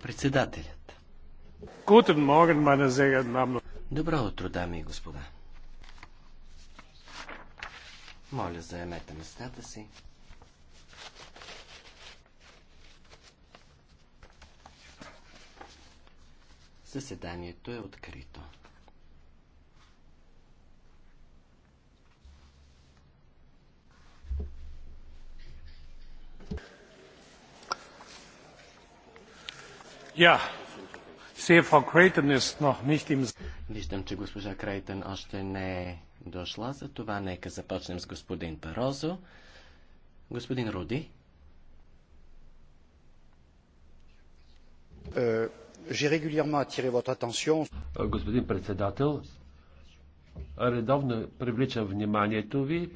Председателят. Добро утро, дами и господа. Моля, заемете местата си. Заседанието е открито. Виждам, че госпожа Крейтън още не е дошла, за това нека започнем с господин Парозо. Господин Руди. Е, е, господин председател, редовно привличам вниманието ви